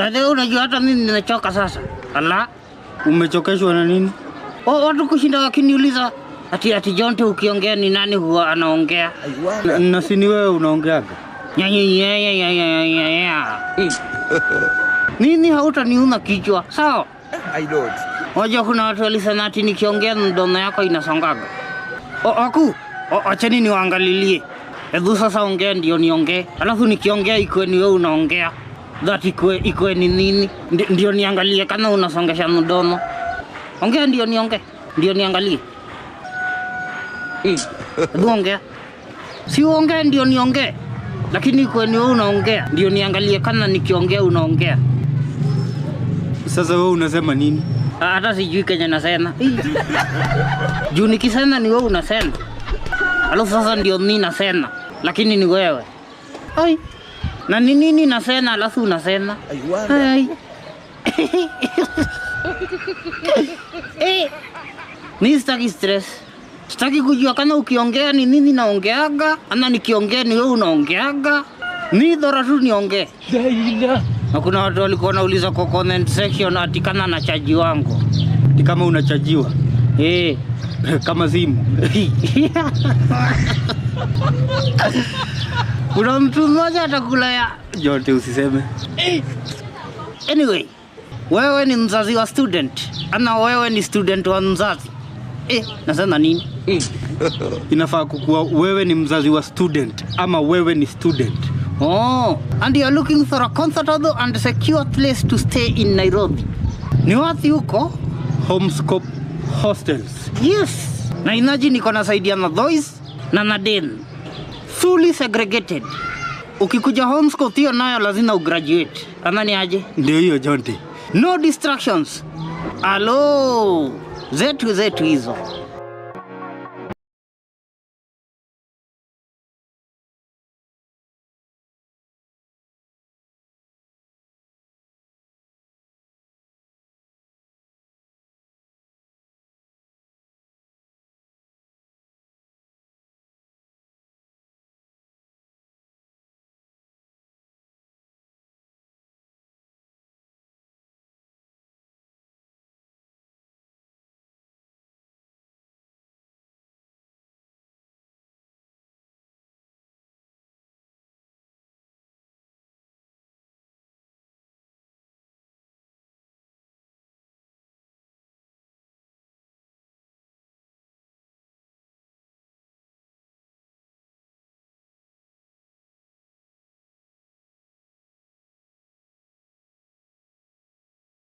Sasa unajua hata mimi nimechoka sasa. Ala, umechokeshwa na nini? Oh, watu kushinda wakiniuliza ati ati Jonte ukiongea ni nani huwa anaongea? Na, si ni wewe unaongeaga? Nini hautaniuma kichwa? Sawa? I don't. Waja kuna watu walisema ati nikiongea mdomo yako inasongaga. O, Waku, acheni niwaangalilie. Hebu sasa ongea ndio niongee, alafu nikiongea ikuwe ni wewe unaongea that ikwe, ikwe ni nini? Ndio niangalie kama unasongesha mdomo. Ongea ndio nionge ndio niangalie. Hebu ongea, si uongee ndio niongee, lakini ikwe ni wewe unaongea ndio niangalie kana nikiongea unaongea. Sasa wewe unasema nini? Hata sijui kenye nasema juu nikisema ni wewe unasema, alafu sasa ndio mimi nasema, lakini ni wewe Oi na ni nini nasema, alafu unasema eh. mi sitaki stress, sitaki kujua kana ukiongea ni nini naongeaga, ana nikiongea ni wewe unaongeaga, mi dhora tu niongee. Na kuna watu walikuwa wanauliza kwa comment section ati kana na chaji wangu, ni kama unachajiwa eh, kama simu Kuna mtu mmoja atakula ya yote usiseme. Eh. Anyway, wewe ni mzazi wa student ana wewe ni student wa mzazi? Eh, nasema nini? Eh. Inafaa kukuwa wewe ni mzazi wa student ama wewe ni student. Oh, and you are looking for a comfortable and secure place to stay in Nairobi. Ni wapi huko? Homescope Hostels. Yes. Na inaji niko na saidia na Voice na na Den fully segregated. Ukikuja homeschool hiyo nayo lazima ugraduate. Ama ni aje? Ndio hiyo Jonte. No distractions. Alo, zetu zetu hizo.